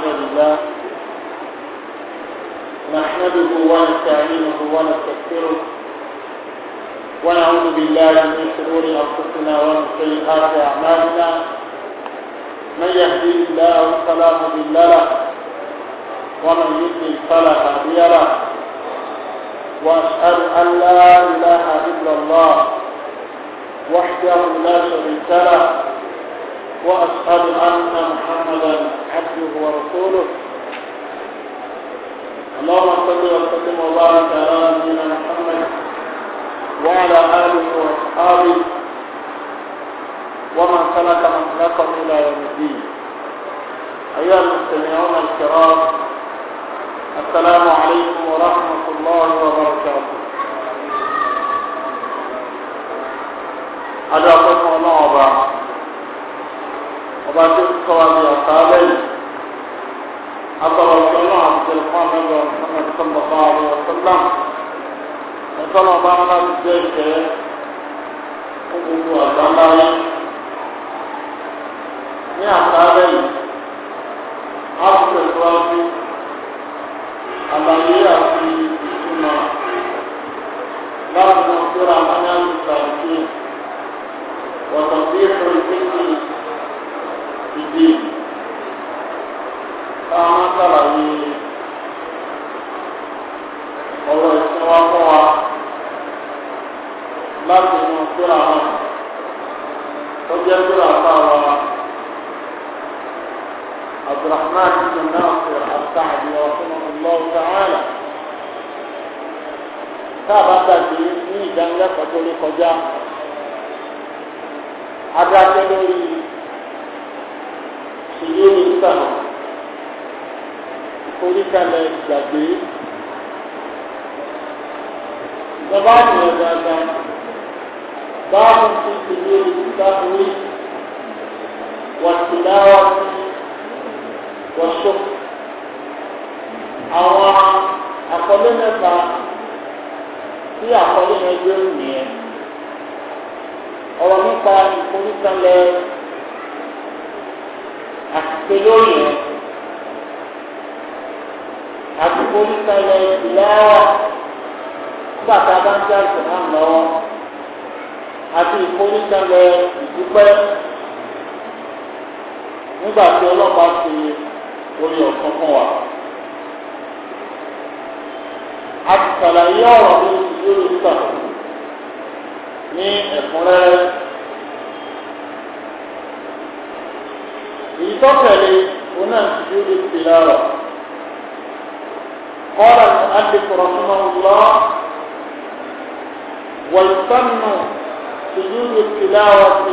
الحمد لله نحمده ونستعينه ونستغفره ونعوذ بالله من شرور انفسنا ومن سيئات اعمالنا من يهدي الله فلا مضل له ومن يضلل فلا هادي له واشهد ان لا اله الا الله وحده لا شريك له وأشهد أن محمدا عبده ورسوله اللهم صل وسلم وبارك على نبينا محمد وعلى آله وأصحابه ومن سلك مسلكهم إلى يوم الدين أيها المستمعون الكرام السلام عليكم ورحمة الله وبركاته أجابكم الله وبركاته ọba tó kọ́ wa ní ọ̀tá lẹ́yìn agbọ̀rọ̀ ìjọba àti ẹ̀fọ́ mẹ́lọ ọmọ ìsọ̀mọ̀ bá wà lọ sọ́lá ẹ̀fọ́ náà bá wọn láti jẹ́ ìkẹ́ fún gbogbo àgbà láyé ní àgbà lẹ́yìn á ti tẹ̀síwájú àlàyé àti ìtumọ̀ láti mọ̀ síra mọ́nyá ìgbà wọ̀tọ̀ bí ètò ìgbésí ìdí táwọn sàlàyé ọ̀rọ̀ ìsìn wa fún wa láti inú síra náà ó jẹ́ síra táwa Abdulrahman bin Nasir Al-Sa'di rahimahullah ta'ala táàbà gbàgbé ní ìdánilẹ́kọ̀ọ́ tó lè kọjá adájọ́ lórí ìlérò sáà oníkalẹ̀ ìgbàgbé ìjọba àmìyàn dáadáa báwo ti tèmi olùdáwọlé wàtìláwà wọṣọ àwọn àkọlé mẹ́ta tí àkọlé yẹn gbé nìyẹn ọ̀rọ̀ nípa ìforíkalẹ̀ ṣe lórí rẹ̀ àti oníkalẹ̀ ìlẹ́wọ̀ nígbà tá a bá ń jáde náà lọ́wọ́ àti ìfoníkalẹ̀ ìdúpẹ́ nígbà tí ọlọ́pàá ṣe orí ọ̀kan fún wa. a ti ọ̀rọ̀ tó ti lórí nígbà ní ẹ̀kúnrẹ́rẹ́. تقل هنا سجود التلاوة قال المؤلف رحمه الله والسن سجود التلاوة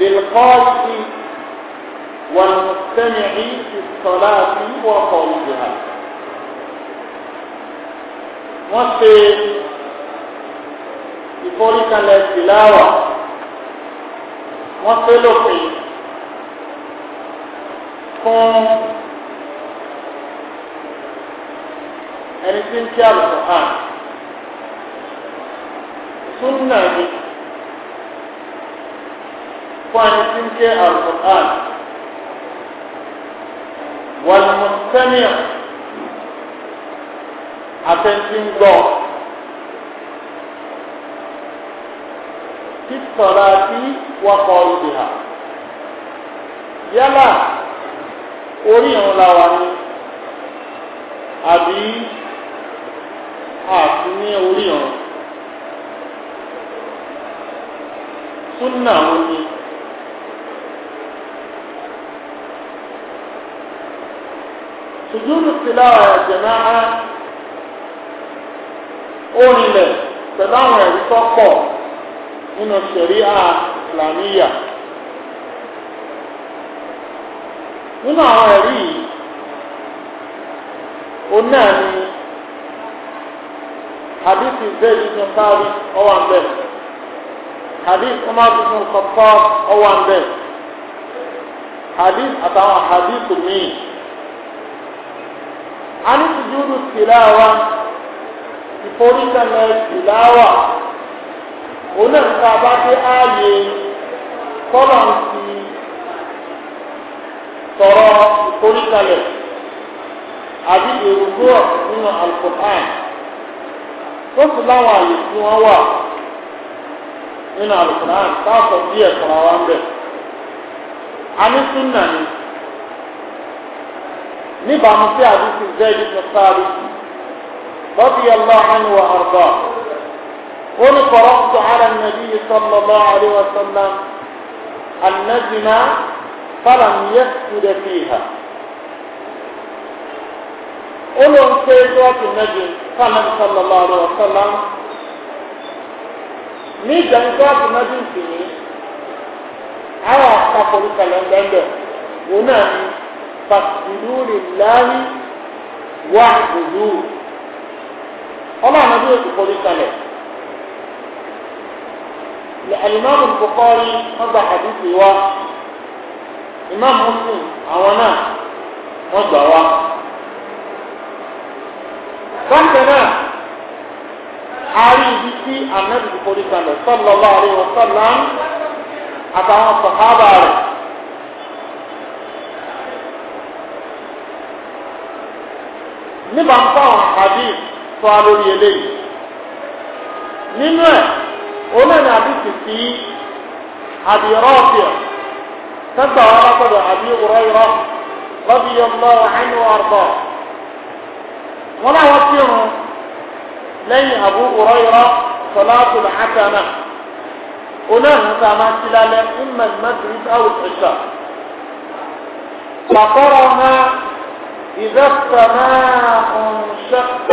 للقائد والمستمع في الصلاة وخارجها وفي يقول كان التلاوة wọ́n tó lópin fún ẹni tí ń kí àlùkò hàn súnà ni fún ẹni tí ń kí àlùkò hàn wàlùmọ̀sẹ́mìà àtẹ̀ntì ń fi sọ̀láàtì wa qa'udiha ha orí ìrun la wà ní àbí àti ní orí ìrun súnà wọn ni. sùjúdù nínú shari'a islamiyà nínú àwọn ẹ̀rí yìí ó náà ní hadith Zayd ibn Thabit ọwọ́ àbẹ̀ hadith Umar ibn Khattab ọwọ́ àbẹ̀ hadith àtàwọn hadith míì a ní sùjúdù tìláwa ìforíkalẹ̀ tìláwa. òun náà nípa bá dé ààyè tọ́lọ̀ ń fi sọ̀rọ̀ ìforíkalẹ̀ àbí èrúgbó nínú alukur'an tó sì láwọn àyè tí wọ́n wà nínú alukur'an táàpọ̀ díẹ̀ fún àwa ń bẹ̀. a ní súnà níbàámu sí àdúgbò zẹ́ẹ̀dì tó sáré lọ́bí yàrá àánú wa àrùbá. قل قرأت على النبي صلى الله عليه وسلم النجم فلم يسجد فيها قلوا في سورة النجم صلى الله عليه وسلم ní ìjàngbọ́ọ̀bù mẹ́bí sì ni àwọn àpapọ̀lù kàlẹ́ńdẹ́ńdẹ́ wọn náà ní fàtìlú ọlọ́run bí o ti pọ̀lù kalẹ̀. الإمام البخاري وضع حديثي و إمام مسلم عوانا وضع و فكنا حالي بيتي النبي البخاري صلى الله عليه وسلم أتعوى الصحابة عليه níbà ń bá àwọn àdé fún alórí eléyìí nínú ẹ̀ ona ni hadisi ti abi rafi' tabba wa laqad abi hurayra radiyallahu anhu arda wala wasiru lẹ́yìn abu hurayra salatu al-hakama ona hasa ma silale imma al-maghrib aw al-isha فقرها إذا السماء انشقت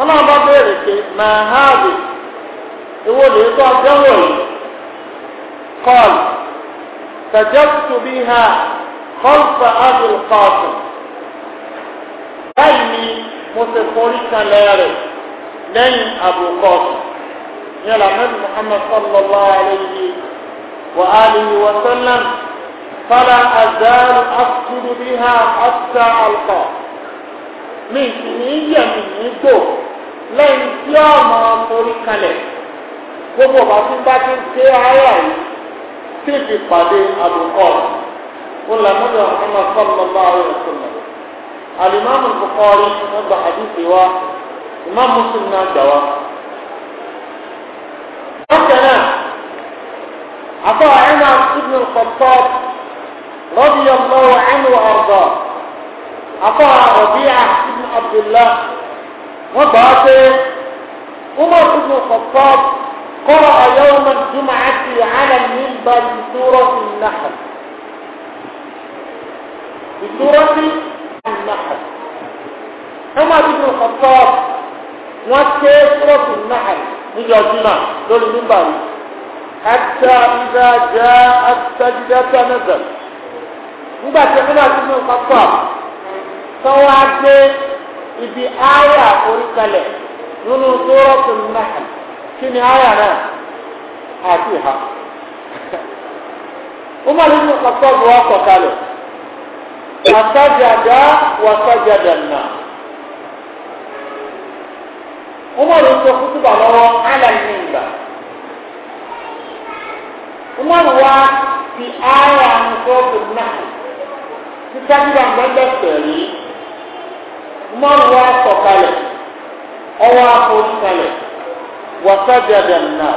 ọlọ́run bá béèrè pé máa háàbì owó lè tó àjọwò yìí kọ́ọ̀lù tàjọ́tù bí ha kọ́lùfà ábìl kọ́ọ̀tù báyìí ni mo ti forí kalẹ̀ rẹ̀ lẹ́yìn àbùkọ́ọ̀tù yẹn làmẹ́lì muhammad sallallahu alayhi wa alihi wa sallam fara azal akutu bí ha hatta alqa mi kì í yẹ mi ní gbòó. lẹ́yìn tí ọmọ forí kalẹ̀ gbogbo ọba tí bá ti ayé àyè tí fi pàdé àbùkọ́ olùlàmúlò ọmọ sọlọ́lá ọ̀rọ̀ sọlọ́ alimami Bukhari ọgbà àdìsí wa imam Muslim náà gbà wá. bákan náà afọ àyẹ̀nà Abdullah. وبعث عمر بن الخطاب قرأ يوم الجمعة على المنبر بسورة النحل بسورة النحل عمر بن الخطاب نوكي سورة النحل نجا دول المنبر حتى إذا جاء السجدة نزل مباشرة عمر بن الخطاب سواجه ibi àyà àforíkalẹ̀ nínú sórọ́tù náà kí ni na náà àti Umar ibn Khattab wa sọ̀kalẹ̀. Wasajada wasajada nà. Umar sọ kútùbà ala alàyè ìgbà. Umar wa fi umaru wa sọ̀kalẹ̀ ọwọ́ àforí kalẹ̀ wàsájàdà nà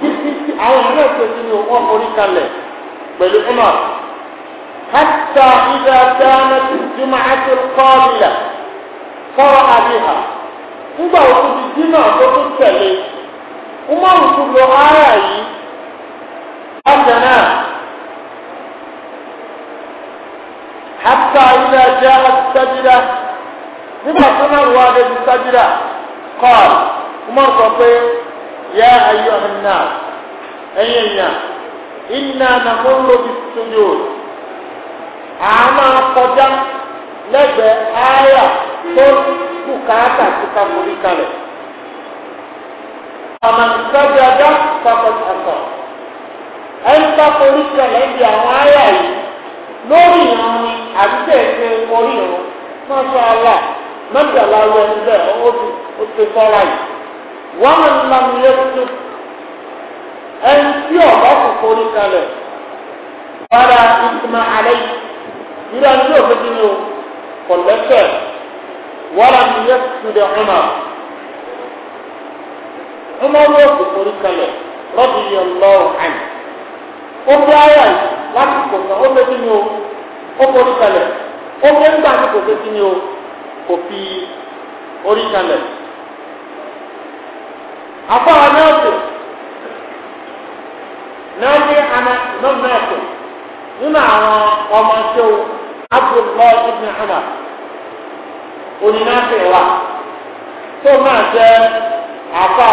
títí tí àwọn ìlú ẹ̀kẹ́sì ni wọ́n forí kalẹ̀ pẹ̀lú umar hàtà ìdá dáná tó jùmọ̀ àti kọ́ọ̀lá fọ́rọ̀ àbíhà nígbà wo tó tẹ̀lé umaru tó lọ ara yìí náà. حتى إذا جاءت سجدة nígbà tó náà wà lẹ́nu sájúdà kọ́ọ̀lù kúmọ̀ sọ pé yá ayé na mo ń lòdì sójú à máa kọjá lẹ́gbẹ̀ẹ́ ààyà tó kù káàkà sí kakori kalẹ̀. àmàlùsájú àdúgbò ẹ̀sẹ̀ orí irun máa sọ àlà mẹ́ta láwọn ẹni bẹ́ẹ̀ ó ti sọ́ra yìí wọ́n mọ̀ nílá mi yẹ kú ẹni tí ọ̀bá kò forí kalẹ̀ wàrà ìtumọ̀ àlẹ́ yìí nílá ní òfin ni o kò lẹ́sẹ̀ wàrà mi yẹ kú dẹ̀ ọ̀nà ọmọ wọn kò forí kalẹ̀ lọ́dún yẹn lọ́rùn àná ó bí ara yìí lásìkò náà ó lé nínú ó forí kalẹ̀ ó ní kò tẹ́tí ni o kò fi orí kalẹ̀. afọ anáàtò náà ní ana nọ́ọ̀nàtò nínú àwọn ọmọ ṣe o abdullahi ibn Umar onínáfẹ̀ wa tó máa jẹ́ afọ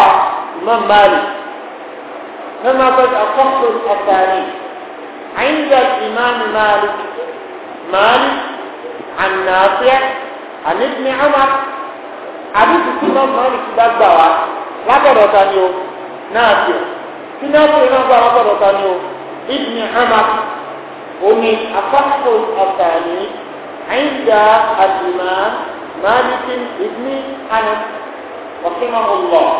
àyíǹda مالك عن نافع عن ابن عمر حديث الإمام مالك gbàgbà wa látọ̀dọ̀ ta ni o نافع tí نافع náà gbà látọ̀dọ̀ ta ni o ابن عمر omi afáàkó àtàní àyíjà àdìmá مالك ابن أنس رحمه الله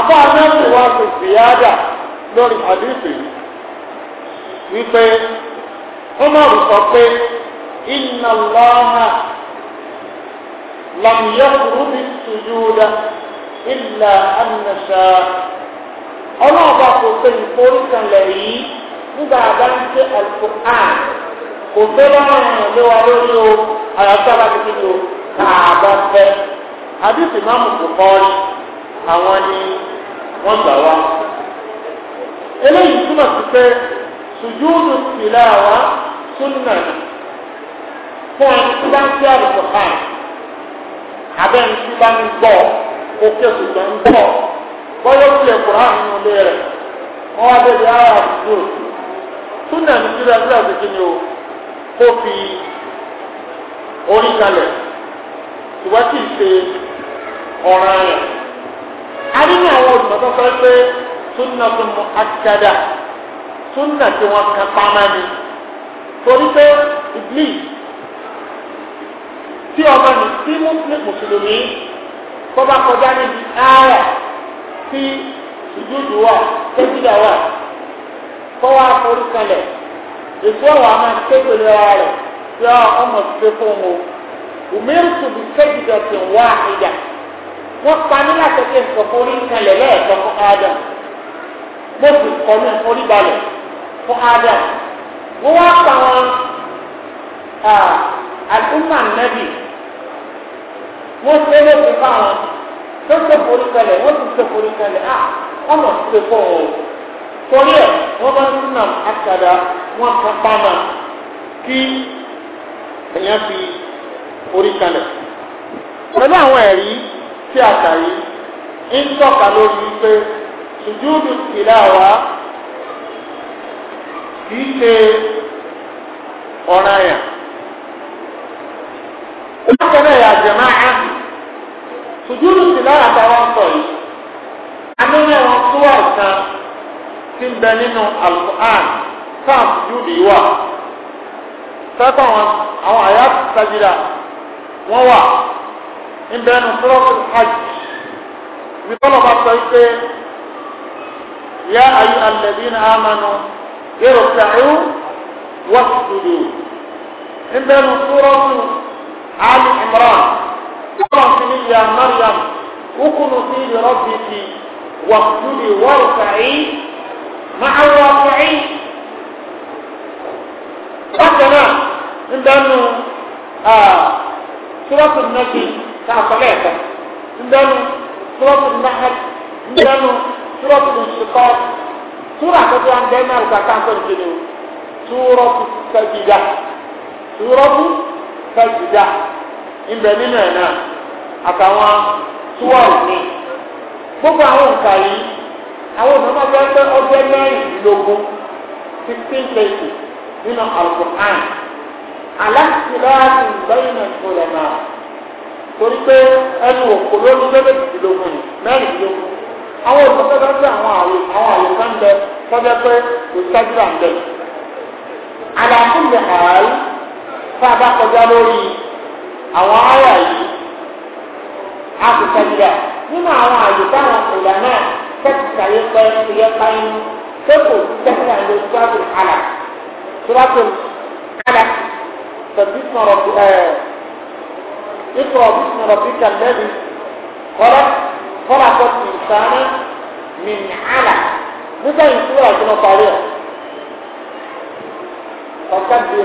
àbá anáwó wa kò ziyada lórí àdìsí Umar sọ pé inna Allaha lam yakuru bi sujuda illa ọlọ́ọ̀bá kò pé ìforíkanlẹ̀ yìí nígbà bá ń ṣe Al-Qur'an kò pé lọ́rùn wa lórí o àyàtọ̀lá ti kíni o fẹ́ àdìsí máa mú kò kọ́ ọ́ àwọn ni wọ́n gbà wá eléyìí túmọ̀ sí pé. sùjúdù tìláwà súnà fún ẹni tí bá ń fi àlùkò hàn abẹ́ ẹni tí bá ń gbọ́ òkè ṣùgbọ́n ń gbọ́ bọ́lá fi ẹ̀kọ́ hàn nínú ilé súnà tí wọ́n kan pamá ni torí pé ìdílé tí ọmọ mi tí mùsùlùmí kọ́ bá kọjá níbi áyà tí ìdúdú wà tẹ́sídà wà kọ́ wá forí kalẹ̀ èso ọ̀wà máa kékeré ara rẹ̀ tí ọmọ ti fẹ́ fún o òmírùtù bí sẹ́jìdọ̀ ti wá ìjà wọ́n pa ní láti fi nǹkan forí kalẹ̀ lẹ́ẹ̀kan fún Ádámù mo sì kọ́ ní forí balẹ̀. fún adam wọ́n wá pa wọn àdúmà nẹ́bì wọ́n ṣe lóko fáwọn tó ṣe forí kalẹ̀ wọ́n ti ṣe forí kalẹ̀ à wọ́n mọ̀ ṣe fọ́ o torí ẹ̀ wọ́n bá ń fi tí a kà in ń kì í ṣe ọ̀ràn yẹn. Ìlọ́kẹ̀lẹ̀ yà jẹ̀má á. Sùdúrù sì lára táwọn sọ yìí. Amínyẹ̀ wọn tó wà kan ti ń bẹ nínú Al-Qur'an sáà sùdúrù yìí wà. Sẹ́kọ̀ wọn àwọn àyà sàjìdà wọ́n wà. Ń bẹ nínú Sọ́lọ́kù Hajj. Ìbí tọ́lọ̀ bá sọ pé yá ayé alẹ́bí ní àmánu. اركعوا واسجدوا عندنا سورة آل عمران سورة يا مريم وكنتي لربك واسجدي وارفعي مع الواقعين بكنا عندنا آه سورة النجم نعم، عند عندنا سورة النحل عندنا سورة الانشقاق sura àkọ́kọ́ à ń bẹ́ẹ̀ náà lùkà ká ni o Suratu Sajida Suratu Sajida ìbẹ̀ nínú ẹ̀ náà àtàwọn túwọ̀ òní gbogbo àwọn nǹka yìí àwọn ọ̀nà máa fẹ́ fẹ́ ọgbẹ́ mẹ́rìndínlógún sixteen pe nínú Al-Qur'an aláṣìláàtì lẹ́yìn ìfọlẹ́mà torí àwọn olùkọ́ bá àwọn àwò àwọn àwò kan bẹ tọ́jọ́ pé kò sájú à ń bẹ̀. àlàfin awa hàl tá a bá kọjá lórí àwọn ará yìí a kò sájú à. nínú àwọn àyè táwọn náà tẹ́tù sàyé pẹ́ tẹ́tù àlà àlà tẹ̀sí sọ̀rọ̀ ẹ̀ sọ̀rọ̀ bí kàlẹ́bí kọ́lá. خلق الإنسان من علق متى يصير عشان طريق فكبر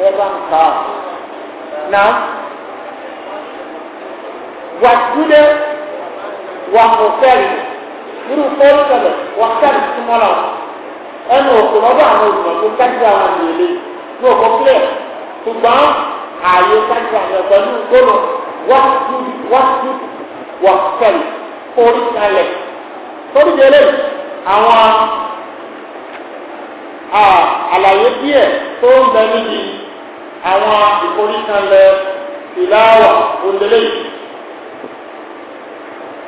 إذا صار نعم واسجد وانصرف irú fẹ́ẹ́rù tẹ̀lẹ̀ wọ́n kẹ́rì súnmọ́ lọ. ẹnu òkú lọ́dọ̀ àwọn olùmọ̀ tó kájú àwọn ìrèlè ní òkú clear ṣùgbọ́n ààyè kájú àwọn ẹ̀kọ́ ní gbọ́dọ̀ wọ́n tún wọ́n tún wọ̀kẹ́lì orí kalẹ̀ torí délé àwọn àlàyé díẹ̀ tó ń bẹ níbi àwọn ìforíkalẹ̀ ìláwà òlélẹ́ yìí.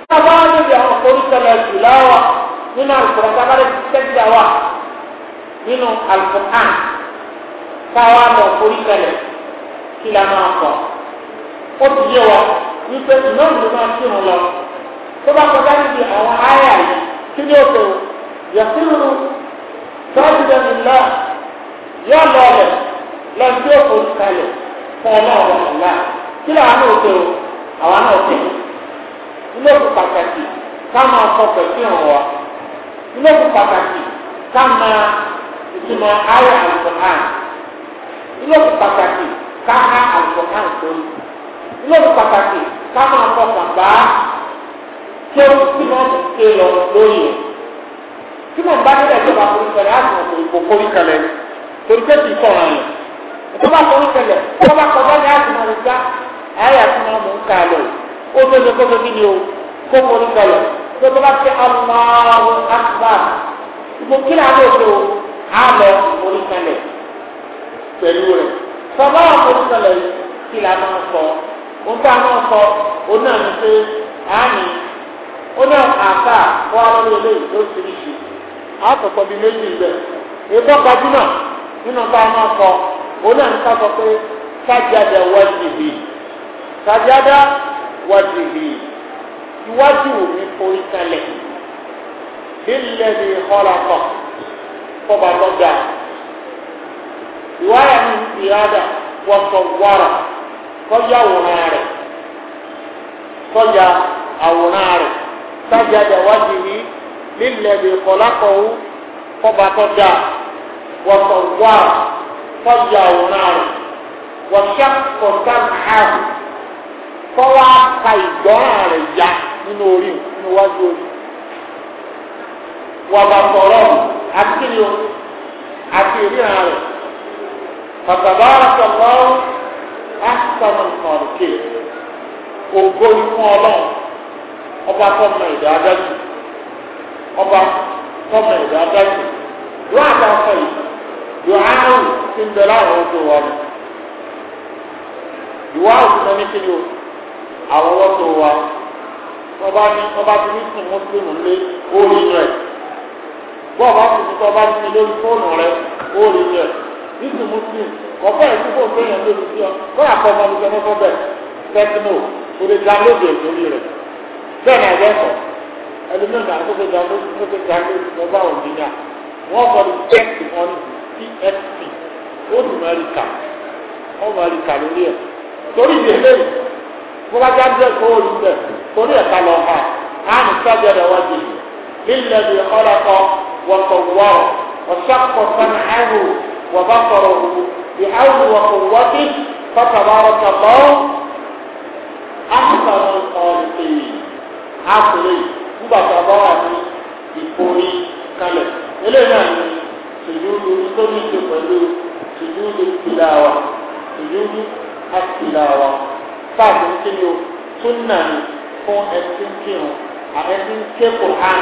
Ní abá níbi àwọn ìforíkalẹ̀ ìláwà nínú àlùkò àtàkárẹ̀ tẹ́gbà wà nínú àlùkò àn káwá lọ ìforíkalẹ̀ kí la máa ó ti yé wa. wípé ìmáàmù ló máa kírun lọ tó bá kọjá níbi àwọn àyà yìí kí ni ó yàtúrú sọ́ọ́dún dẹ́nu ńlá yóò lọ rẹ̀ kalẹ̀ fún ọlọ́run ọ̀la kí làwọn náà tó àwọn náà pàtàkì pàtàkì ìtumọ̀ àyà pàtàkì ká máa fọkàn bá kéwù tí wọ́n ti ké lọ lórí rẹ̀ tí mo bá nílẹ̀ tó bá forí kalẹ̀ á sì mọ̀ kò forí kalẹ̀ torí pé kì í sọ̀rọ̀ àyàn tó bá forí kalẹ̀ tó bá kọjá ní àti mọ̀ nígbà ayé àti mọ̀ mọ̀ ń kà lọ ó tó ṣe kó tó o kó forí kalẹ̀ tó ti Allahu Akbar mo kí ni àlọ́ tó á lọ forí kalẹ̀ pẹ̀lú rẹ̀ sọ bá forí kalẹ̀ onye a náà sọ oní àná pé àánì oní àká wà lórí eléyìí ló ti rí ṣe àkọ́kọ́ bíi méjì rẹ̀ ètò gbajúmọ̀ nínú tá a náà sọ oní àná sọ pé sájàdá wájú iwájú mi forí mi ìwáyà mi ìyá dà wọ́n sọ kọjá àwòrán rẹ̀ kọjá àwòrán rẹ̀ sájàdà wájú yìí lílẹ̀ bí kọlákọ̀ọ́ kọba kọjá wọ̀tọ̀ wá kọjá àwòrán rẹ̀ wọ̀ṣẹ́ kọjá nàárù kọ́wá ka ìgbọ́ràn rẹ̀ yá nínú orí nínú wájú orí wàbà sọ̀rọ̀ àti kí àti ìríran rẹ̀ bàbá bá sókè ògo ni ọlọ́run ọba tọ́mọ ẹ̀dá adájú ọba tọ́mọ ẹ̀dá adájú wọ́n àgbà sọ yìí yóò áhùn ti ń bẹ láwọn ọ̀dọ́ wa ni ìwà òkúta ní kíni o àwọn ọ̀dọ́ wa ọba ní ọba ti ní sùn mọ́sílùmù lé orí rẹ̀ bọ́ọ̀ bá tuntun tó ọba lórí fóònù rẹ̀ orí rẹ̀ ní sùn kọfẹ yẹn kúkọ tó yẹn lórí sí ọ kọ yà kọ ọmọ mi sọmọ fọ tẹkino o lè lóde ìdórí rẹ bẹ́ẹ̀ náà yẹ kọ ẹlòmíràn náà tó fi dá lóde tó fi dá lóde tó bá òun yíyá wọn kọ ní tẹkì wọn ní tsp ó dùn mọ ẹríkà lórí ẹ torí ìdè lẹ́yìn kó bá já díẹ̀ kó olú bẹ بحول وقوته فتبارك الله أحسن الخالقين عقلي مبتبارك ìforí kalẹ̀ eléyìí náà ni sùjúdù tó ní ṣe pẹ̀lú sùjúdù tìlàwà sùjúdù àtìlàwà fáàbù ń kíni o súnà ni fún ẹtí ń kírun ẹtí ń ké kùrán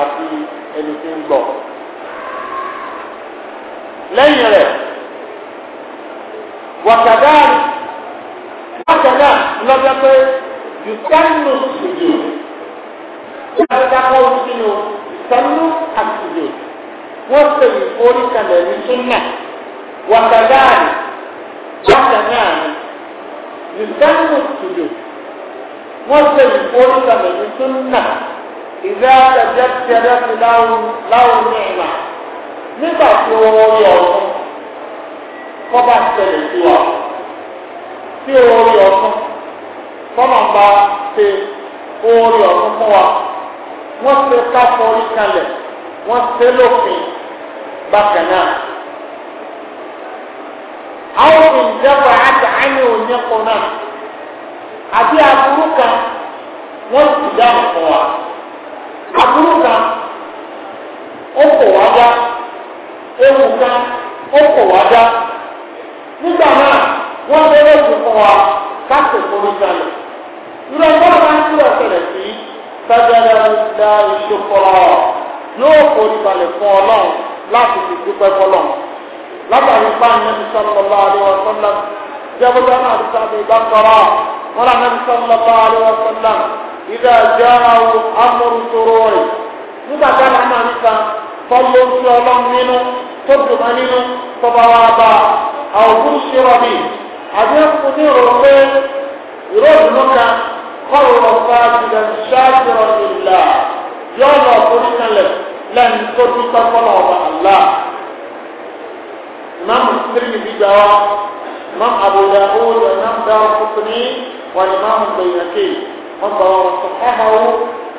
àti ẹni tí ń gbọ́. lẹ́yìn rẹ̀ wàtàdáàlì wàtàdá lọ́jọ́ pé yùtẹ́nu sùdù wàtàdáàkọ́ sínú ìtẹ́nu àtùdù wọ́n pè ní orí kalẹ̀ ní súnmà wàtàdáàlì wàtàdáàlì yùtẹ́nu sùdù wọ́n pè ní orí kalẹ̀ ní súnmà ìdá àtàjẹ́ tẹ́lẹ̀ láwùn ní ìmà nígbà tí wọ́n rí ọ̀rọ̀. kọ́ba ṣẹlẹ̀ sí wa tí orí ọ̀tún tọ́nà bá ṣe orí ọ̀tún fún wa wọ́n ṣe káfọ́ orí kalẹ̀ wọ́n ṣe lófin bákan náà. àwọn ìjọba àti àyè òyìnbó náà àbí aburú kan wọ́n ti dáhùn fún wa aburú kan ó kò wá dá ewu kan ó kò wá dá. nígbà náà wọ́n bẹ̀rẹ̀ sí fún wa káṣí forí kalẹ̀ irú ẹgbẹ́ ọ̀gá ń tirẹ̀ ṣẹlẹ̀ sí sájára ìdá ìṣòkọ̀rọ̀ yóò forí balẹ̀ fún ọlọ́run láti fi dúpẹ́ fọlọ́run látàrí báyìí nẹ́bí sọ́lọ́lá àríwá sọ́lá jẹ́bọ́dá náà ti sábẹ́ ìbá sọ́rọ́ wọn là nẹ́bí sọ́lọ́lá àríwá sọ́lá ìdá ìjà àwọn amúrúsọ̀rọ̀ rẹ̀ nígbà táwọn náà níta tọ́lọ́ ń ọlọ́run nínú tó dùn أو بشر به حديث قدير الخير يرد لك قرر ساجدا شاكرا لله يلا قلنا لك لن تثبت الله الله إمام في جواب إمام أبو داود وإمام دار قطني وإمام البيهقي وصححه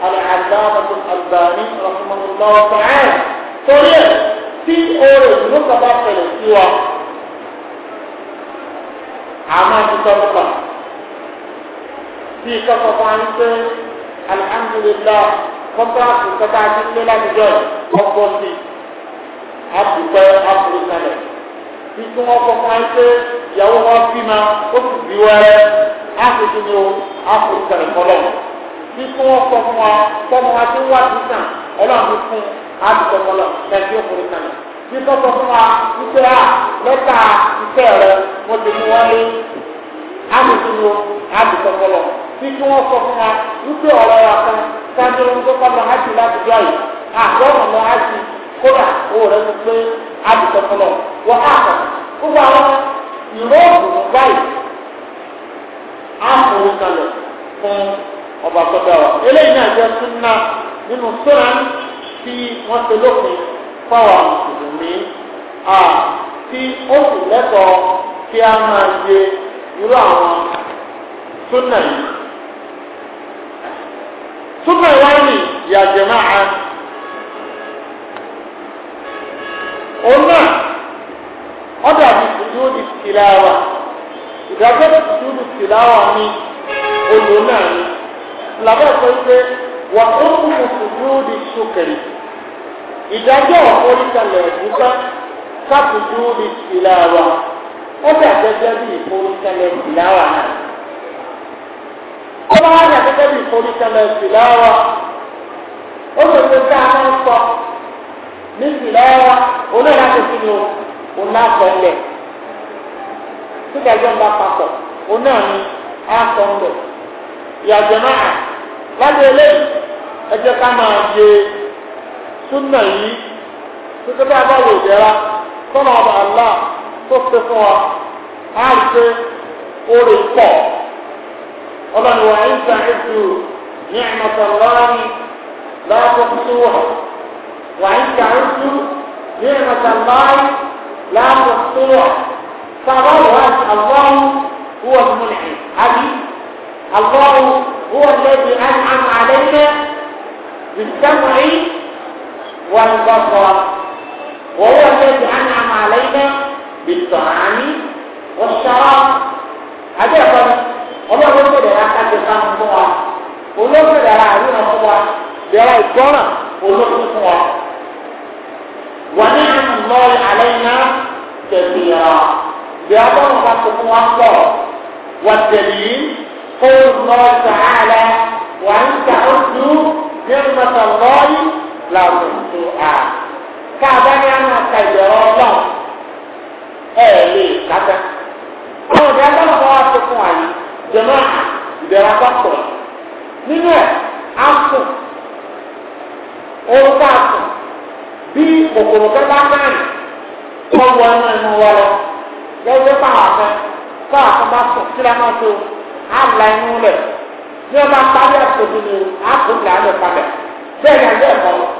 العلامة الألباني رحمه الله تعالى طريق في أول نقطة تلك àmọ́ ìtọ́ lọ́pàá bí kọ́kọ́ bá ń pé alihamdulilayi kọ́ńtàkì kọ́tà ti pé lánìjọ́ ọkọ̀ sí àbùkẹ́ àbùkẹ́lẹ̀ bí kí wọ́n kọ́ bá ń pé ìyàwó wọn bí ma ó sì bí wẹ́rẹ́ àfikì ni ó àbùkẹ́lẹ̀ kọ́lọ̀ bí kí wọ́n kọ́ fún wa kọ́ fún wa wá sí ọlọ́run fún àbùkẹ́ kọ́lọ̀ kẹ́kẹ́ ó bí sọ́sọ fún wa wípé a ah, lẹ́tà iṣẹ́ rẹ mo ti mú wọlé àdùsùnú àdùsọ̀fọlọ̀ bí kí wọ́n sọ fún wa wípé ọ̀rọ̀ wa kan sáájú ló ń tó kọ́lọ́ hajj láti jọ yìí àgbọ̀ ọ̀nà hajj kódà owó rẹ ti pé wọ́n á kọ̀ ìró òògùn báyìí á fòwò kalẹ̀ fún ọba wa eléyìí náà jẹ́ súnmọ́ nínú sọ́ra wọ́n fáwọn mùsùlùmí à tí ó sì lẹ́kọ̀ọ́ kí a máa ṣe irú àwọn súnà yìí. súnà ìwádìí ya jama'a òun náà ọ̀dà mi sùjúdù tìláwà ìdájọ́ tó sùjúdù tìláwà mi olùwọ́n náà ni làbẹ́ sọ pé wà ó kú sùjúdù sùkẹ̀rì. ìdájọ́ ìforíkalẹ̀ ìdúgbà sáfùdú ní ìlàwà ọbẹ̀ àgbẹ̀jẹ̀ bí ìforíkalẹ̀ ìlàwà náà. ọba wa ní àgbẹ̀jẹ̀ bí ìforíkalẹ̀ ìlàwà ó lè fi ká àwọn sọ ní fi ń bá papọ̀ náà eléyìí ẹ jẹ́ súnà yìí títí bá a bá wò jẹ́ra tọ́nà ọba àlá tó ṣe fún wa á rí pé orí pọ̀ ọlọ́ni wa ń ta ètò ní ìmọ̀tàlọ́rin láàbọ̀ tó wà wà ń ta ètò ní ìmọ̀tàlọ́rin láàbọ̀ tó wà sábà wà àwọn هو المنعم أبي الله هو الذي أنعم علينا بالسمع والبصر وهو الذي أنعم علينا بالطعام والشراب هذا أفضل ọba ló ń bẹ̀rẹ̀ akáde ká fún wa olóògbé dara àríwá fún wa dara ìgbọ́ràn olóògbé fún wa wà ní àmúlọ́ọ̀lì alẹ́ iná tẹ̀lé bọ́ọ̀lù bá tó fún wa pọ̀ wà tẹ̀lé kó lọ́ọ̀tà àlẹ́ wà ń ta ojú ní ọ̀nà tàlọ́ọ̀lì láàmú tó a ká a bá ní àwọn àtàjọ ọlọ́run ẹ lè kájá àwọn ọ̀dọ́ agbọ́n kan wá tó fún wa yìí jọ̀mọ́ ìbẹ̀rẹ̀ akọ́kọ̀ nínú ẹ̀ á sùn orúkọ àsùn bí kòkòrò tó bá náà kọ́ wọ inú inú wa lọ lọ́jọ́ pàwọn afẹ́ kọ́ àkọ́bá sùn síra náà tó á la inú lẹ̀ ní ọba parí àpòjù ni àpòjù àlẹ́ palẹ̀ bẹ́ẹ̀ ni àjẹ́ ẹ̀kọ́.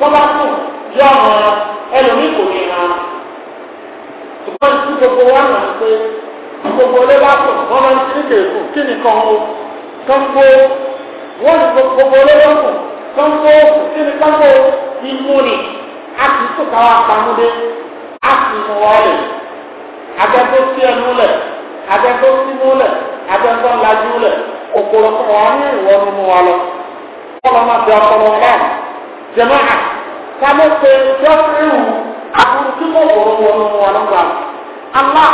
bọ́lá kù yọ ọ̀ràn ẹlòmíì kò ní hàn. ṣùgbọ́n tí gbogbo wa nà pé gbogbo ilé bá kù wọ́n máa ń tí kè kù kí nìkan o kánpó wọ́n gbogbo ilé bá kù kánpó kí ni kánpó imú ni a ti tún káwá pamúdé a ti mú wọlé adẹ́gbó sí ẹnu lẹ̀ adẹ́gbó símú lẹ̀ adẹ́gbó lajú lẹ̀ kòkòrò kọ̀ọ̀ọ́ ní ìwọ́nú mu wa lọ. wọ́n lọ máa bẹ ọpọlọ náà jama'a kama pe dɔwɛriw aburutu mo wɔrɔ wɔrɔ wɔrɔ wa ala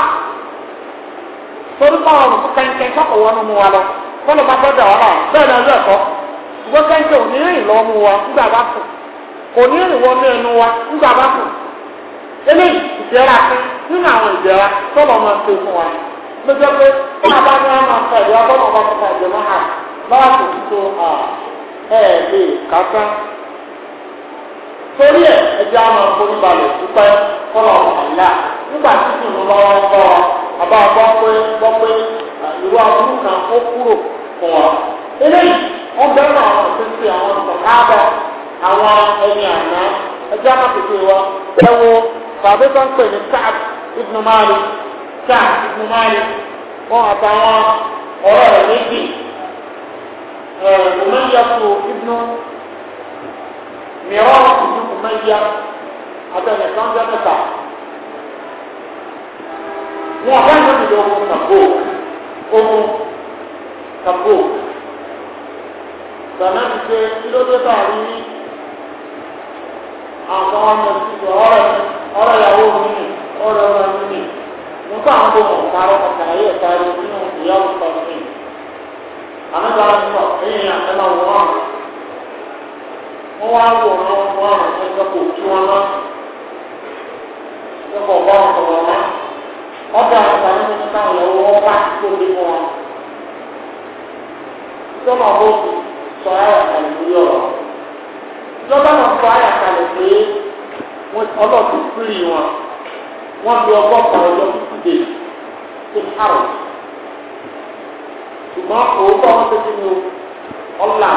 toruma wɔrɔ ko kɛnkɛn kɔkɔ wɔrɔ mu wa lɔ kɔlɔ ma bɔ da wa la bɛɛ na lɛ kɔ gbɔ kɛnkɛn o ní yìí lɔ mu wa nígbà bá kù kò ní yìí wɔ ní ɛnu wa nígbà bá kù eléyìí ìjẹra pé nínú àwọn ìjẹra tọlọ ma ṣe fún wa lọ́jọ́ pé wọn bá ní àwọn afẹ ìyá bọlọ bá ti ta ìjọba ha bá wà kò tó ẹ ẹ lè kàtá. torí ẹ ẹjẹ àwọn ọkùnrin balẹ̀ dúpẹ́ kọ́nà ọ̀la nígbà tí lọ pé gbọ́ pé ọdún kan ó kúrò fún ọ. eléyìí wọ́n àwọn àwọn àwọn ẹni àná àwọn kékeré wa bàbá tó ń pè ní wọn àtàwọn ọ̀rọ̀ rẹ̀ méjì Umayya àtẹnì kan jẹ́ mẹ́ta. Wọ́n bá ìlú ìlú ogun kàbó ogun kàbó. Bàbá mi ṣe kí ló dé báyìí ní àwọn ọmọ ìṣúná ọ̀rẹ́ ọ̀rẹ́ ìyàwó mi ni ọ̀rẹ́ ọ̀rẹ́ mi ni. Mo bá àwọn ọmọ ìparọ́ ọ̀tà ayé ẹ̀ka rẹ̀ nínú ìyá òkú ọ̀sìn. Àmì bá wọn sọ, ẹ̀yìn àtẹnáwó wọn wọ́n wá wò wọ́n wọ́n rán tó sọ́kò tí wọ́n rán sọ́kò wọ́n rán tó wọ́n ọ̀dọ̀ àgbà ní wọ́n sọ́kò àwọn ọwọ́ wá tó lé wọn. ìjọba bó sọ ayọ̀ kalẹ̀ lórí ọ̀rọ̀ ìjọba náà sọ ayọ̀ kalẹ̀ pé ọlọ́ọ̀tún fúlì wọn wọ́n fi ọgọ́ta ọjọ́ fífi dé tó sáré ṣùgbọ́n òun bá wọn tètè ní ọ̀là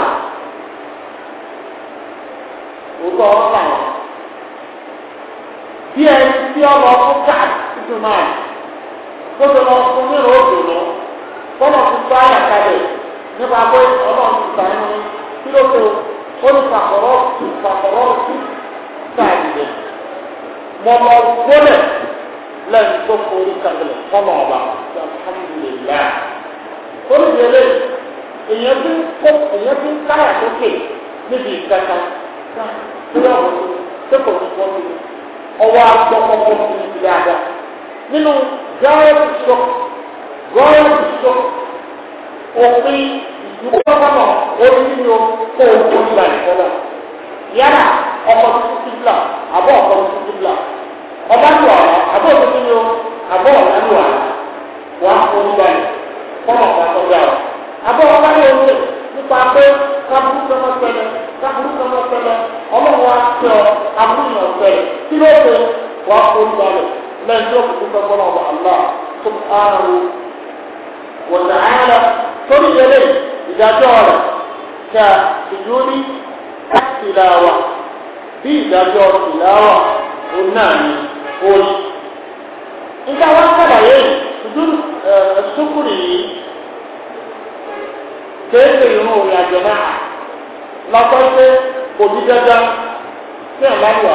òótọ́ ọ̀rọ̀ kà wọ́n. bí ẹni tí ọ lọ fún tuntun náà kó tó lọ fún nírò òdòdó kọ́nà fún tó ayà kalẹ̀ nípa pé ọlọ́run ti gbà nínú kí ló tó ó ní kàkọ́rọ́ kàkọ́rọ́ káàdì mọ̀ lọ gbọ́lẹ̀ lẹ́yìn tó forí kanlẹ̀ kọ́nà ọba alhamdulilayi olùdílé èèyàn fi ń káyà sókè níbi ìkẹta lórí ọ̀rọ̀ tó kọ̀ ọ̀sùn ọ̀sùn ọwọ́ akpọ̀kọ̀kọ̀ ti dáadáa nínú gáàrọ̀ sọ gáàrọ̀ sọ òfin ìdúró kọ́nà orí nínú kó o tó ìgbà ìkọ́lá yálà ọkọ̀ tuntun ti bla àbọ̀ ọkọ̀ tuntun ti bla ọba ní ọ̀la àbọ̀ tuntun ni o àbọ̀ ọ̀la ní ọ̀la wà á kó ìgbà ìkọ́lá ọ̀la tó gbà ọ̀ àbọ̀ ọba ní ọ̀la nípa pé kábúrú kan máa tẹ̀lé kábúrú kan ọ aburú yàn kí ló dé wà á lẹ́yìn tó kù gbọ́dọ̀ tó àrùn wọ̀nà àyàlá torí ìdájọ́ rẹ̀ ìlàwà bí ìdájọ́ ìlàwà yìí. kéèké irun òrìn àjọ náà lọ́kọ́sẹ́ òbí dandan tí ẹ̀ bá wà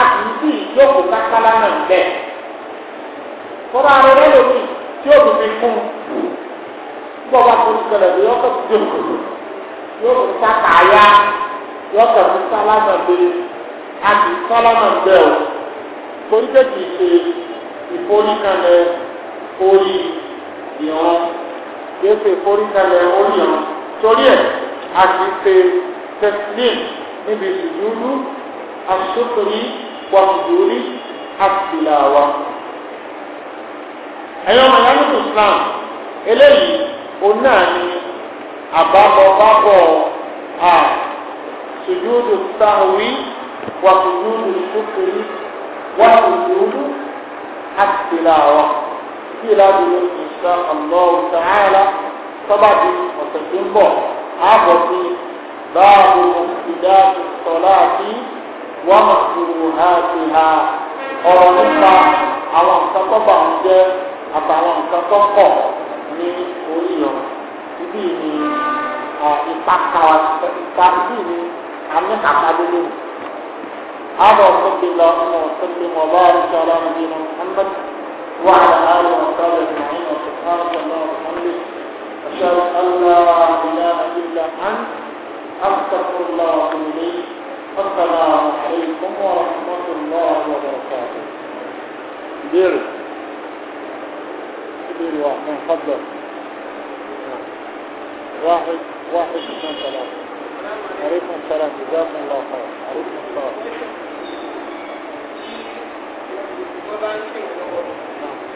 á kì í sí ìjókòó kákálá náà bẹ́ẹ̀. Fọ́nà àwọn ẹlòmíì tí ó bìbí fún bọ́ bá bí ọkọ̀ tó ya náà kì í náà o. kéèké foríkalẹ̀ oníyàn torí ẹ̀ a ti ṣe tẹ̀sílẹ̀ níbi ìṣùdúrú asókòrí wàhùdúrí àtìláwa. ẹ̀yọ́ ọmọ yàrá nínú Islam eléyìí òun náà ni àbábọ̀bábọ̀ à ṣùdúrú sáwí wàhùdúrú sókòrí wàhùdúrú àtìláwa tí ìlàdúró ìṣá ọlọ́run tààlà sábàbí ọ̀sẹ̀ tí ń bọ̀ ààbọ̀ sí báàbò ìdá sọ̀lá àti wọ́n mọ̀ sí ha sí ha ọ̀rọ̀ nípa àwọn nǹkan tó bà ń jẹ́ àtàwọn nǹkan tó kọ̀ ní orí ọ̀rọ̀ ibi ni ìpàkàwà ìpàkàwà ibi ni àmì kàkàdúró. هذا وصلى الله وسلم وبارك على نبينا محمد وعلى آله وصحبه أجمعين وسبحانك اللهم وبحمدك أشهد أن لا إله إلا أنت أستغفر الله وأتوب إليك السلام عليكم ورحمة الله وبركاته. دير دير واحد من فضلك واحد واحد اثنين ثلاثة عليكم السلام جزاكم الله خير عليكم السلام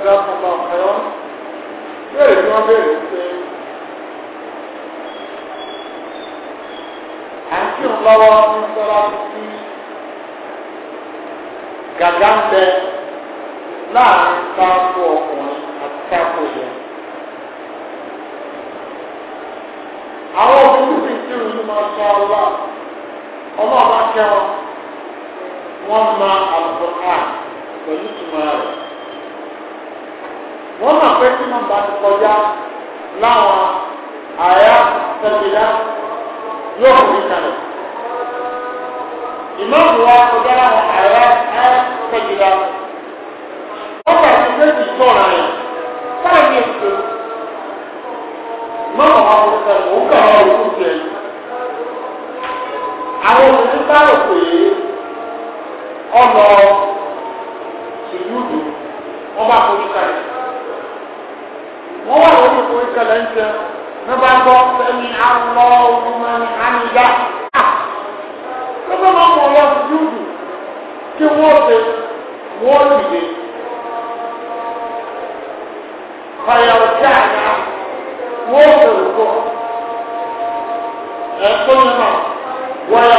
جزاكم الله خيرا bẹ́ẹ̀ ni wọ́n bẹ̀rẹ̀ pé à ń kírun lọ́wọ́ ń sọ́ra sí gàgà ń bẹ láàrin sáàpù ọkùnrin àti sáàpù obìnrin. àwọn obìnrin sì kírun ní máa ṣá ọlá ọmọ ọba kẹwọn wọn máa àlùkò ká pẹ̀lú ìtumọ̀ rẹ̀. wọ́n mọ̀ pé tí nọ́mbà ti kọjá láwọn àyà tẹ̀síyá yóò fi ìmọ̀ọ́mù wa kọjá láwọn àyà tẹ̀síyá. wọ́n bá ti dé ti tọ́ ọ̀ràn yẹn káàkiri èso. mọ́mọ́ wa kọjá sẹ́yìn wọ́n ọ̀nà ìlú wọ́n wọ́n wà lórí ìforí kalẹ̀ ń tẹ ní bá gbọ́ sẹ́ni àlọ́ ọ̀gbọ́n ní àmìdá. lọ́sọ̀rọ̀ àwọn ọ̀rọ̀ dúdú kí wọ́n ṣe wọ́n dìde. fàyàwó tí a wọ́n ṣe rúkọ. ẹ̀kọ́ náà wọ́n yà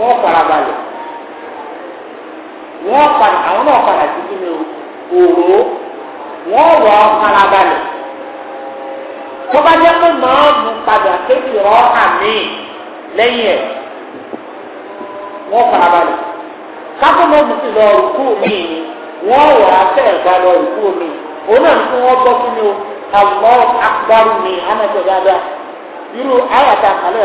wọ́n farabalẹ̀ wọ́n padà àwọn náà padà sí nínú òwò wọ́n wọ́ farabalẹ̀ tó bá jẹ́ pé màá mú padà kébi rọ́ọ̀kà míì lẹ́yìn ẹ̀ wọ́n farabalẹ̀ kápẹ́ mọ́ mi ti lọ mi afẹ́ ẹ̀gbá lọ mi òun náà wọn gbọ́ o mi irú ayàtà àlẹ́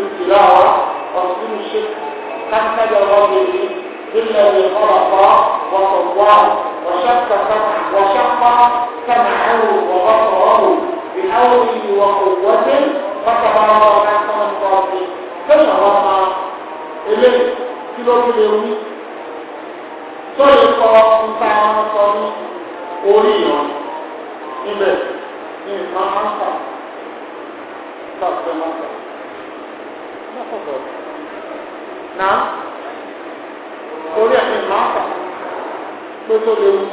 التلاوة وتكون الشرك حمد ربه الذي خلق وصواه وشق وشق سمعه وبصره بحوله وقوته فتبارك احسن الخالقين ثم رمى اليه كيلو كيلو sọ́yìn kọ́ nípa wọn sọ ní orí ìran níbẹ̀ ní ìfọ̀n máa ń náà orí ẹ̀mí máa fà pé tó léwu ní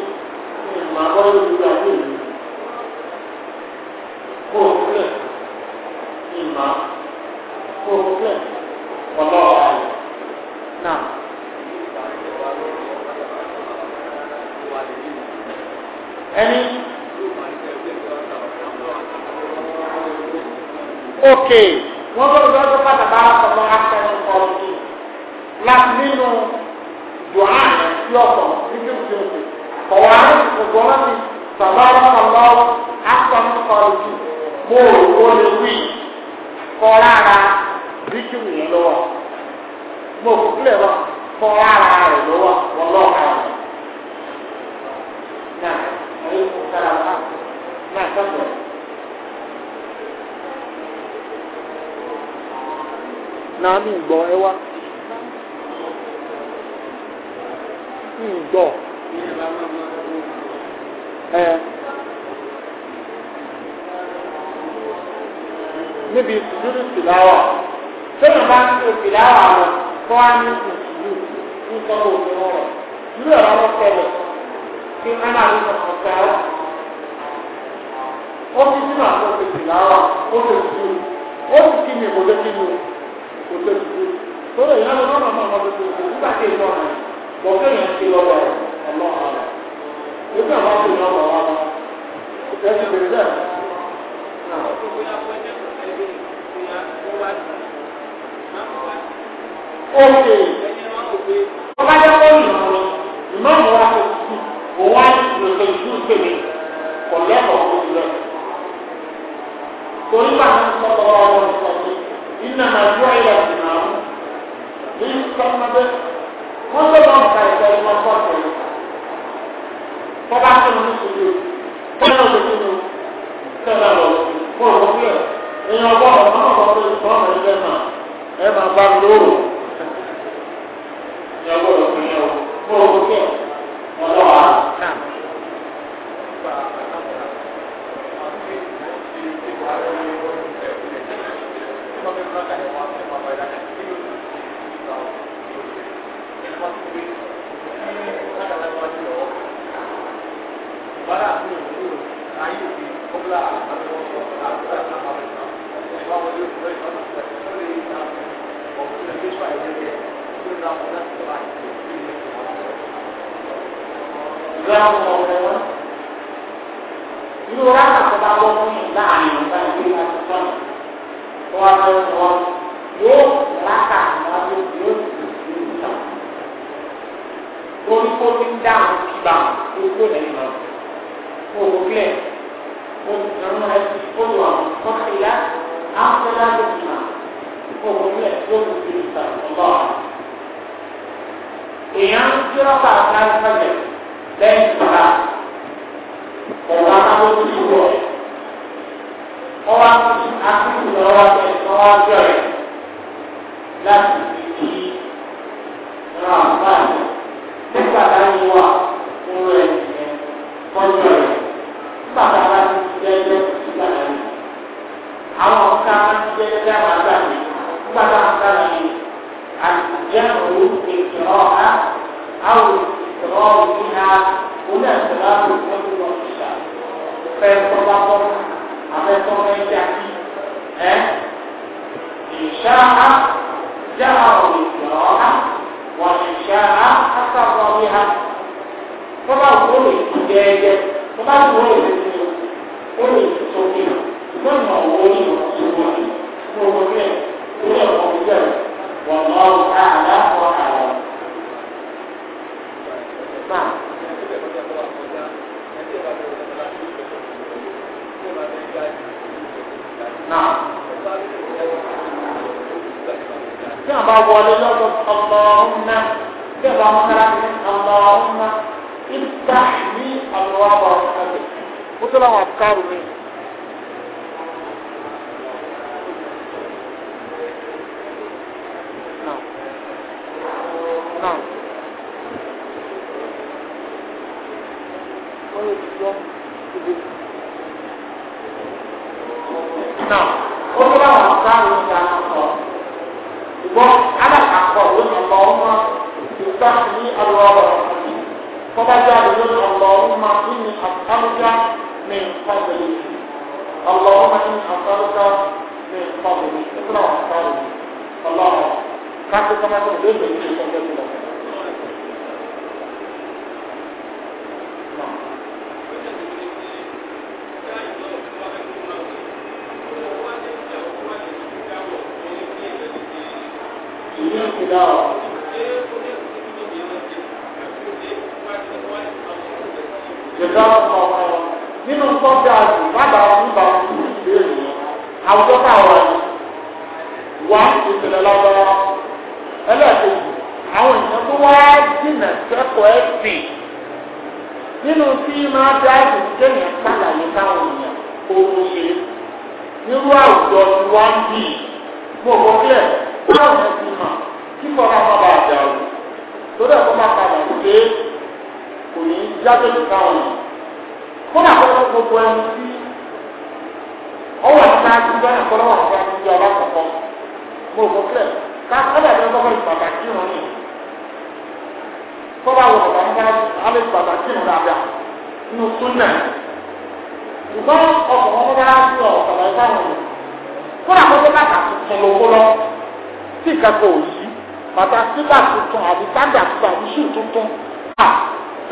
ìmọ̀ àbọ̀wọ́ ìlú àbí ìlú kó o sílẹ̀ ìmọ̀ kó o sílẹ̀ ọlọ́ọ̀ àlọ́ náà. ẹni okay wọ́n bọ̀ lọ́dọ̀ pàtà bá ọmọ akẹ́kọ̀ọ́ ọ̀hún láti nínú dùhán sí ọkọ̀ títí òkè òkè ọ̀wá ọ̀gbọ́n láti bàbá ọmọ akẹ́kọ̀ọ́ ọ̀hún mo rò wọ́n lè wí kọ́ rárá bíkú yẹn lọ́wọ́ mo kúkúlẹ̀ wọ́n kọ́ rárá rẹ̀ lọ́wọ́ wọ́n lọ́ọ̀ naanị ìgbọ́ ẹ wá ìgbọ́ ẹ níbi ìsúdúrú fìláwà sẹ́yìn bá ń lo fìláwà lọ kó wá ní ìsúdúrú nǹkan òní ọ̀rọ̀ ìlú ẹ̀rọ ló tẹ̀lẹ̀ kí wọ́n ọ ní ọ̀sán ọ kí kí kò tó dúdú tó lè yàn lọ́wọ́ màmá ọmọ tuntun kò nígbà tí ìlú ọ̀hún bọ̀ kéèyàn ti lọ́wọ́ ọlọ́wọ́ ọ̀hún nígbà wọn kò ní ọmọ wa ìfẹ́ ti bèrè náà. Oke, ọba jẹ́ wọ́n yìí lọ, ìmọ̀mù wa kò sí, òun á lè ṣe ìlú ìpèmí, kò lẹ́kọ̀ọ́ kò sí lẹ́kọ̀ọ́. Torí bá a ń sọ̀rọ̀ ọ̀rọ̀ ìsọ̀rọ̀. إنما جعل الإمام ليستم به tá a ń jẹ́ dáhà gbàgbé nígbà tá a ń gbà ní àjẹmọ̀lú ìkìlọ̀ ha àwọn ìkìlọ̀ òbí ha oní àtìlá òkúta tó lọ sí ìṣà fẹ́ tọ́ba bọ́ afẹ́tọ́ ẹ̀jẹ̀ àti ẹ̀ lọ́nà owó ní ìwọ̀nsowó rẹ̀ fún owó rẹ̀ fún ẹ̀kọ́ gbígbẹ̀ rẹ̀ wọ́n lọ ká àdáfọ́ àrọ̀. Náà. Tí a bá wọlé lọ́dọ̀ ọlọ́ọ̀húnná, tí a bá mi. من فضلك اللهم إن أسألك من فضلك اقرأ فضلك اللهم كاتب كما تقول بالمشي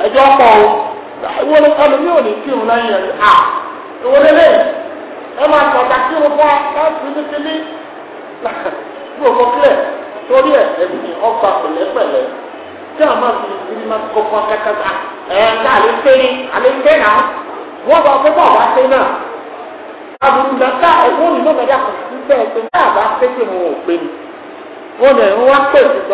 ẹjọ́ pọ̀ o ìwọ ni ẹlòmíì ò ní kírun lẹ́yìn rẹ̀ à ìwọ lè ẹ máa ní kíní kílẹ̀ torí a máa fi máa kó fún ẹ̀ ẹ̀ ká lè ní wọ́n bá fẹ́ bọ̀ wá náà ká ẹ̀wọ́n pé bá kí ò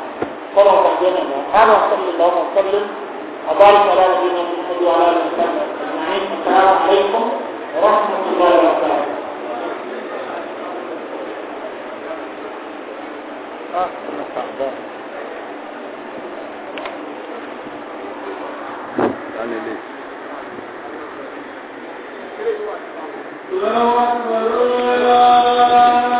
صلى الله عليه وسلم هذا صلى الله وسلم أبارك الله نبينا محمد على اله وسلم أجمعين السلام عليكم ورحمة الله وبركاته آه أنا صعبان يعني ليه الله أكبر الله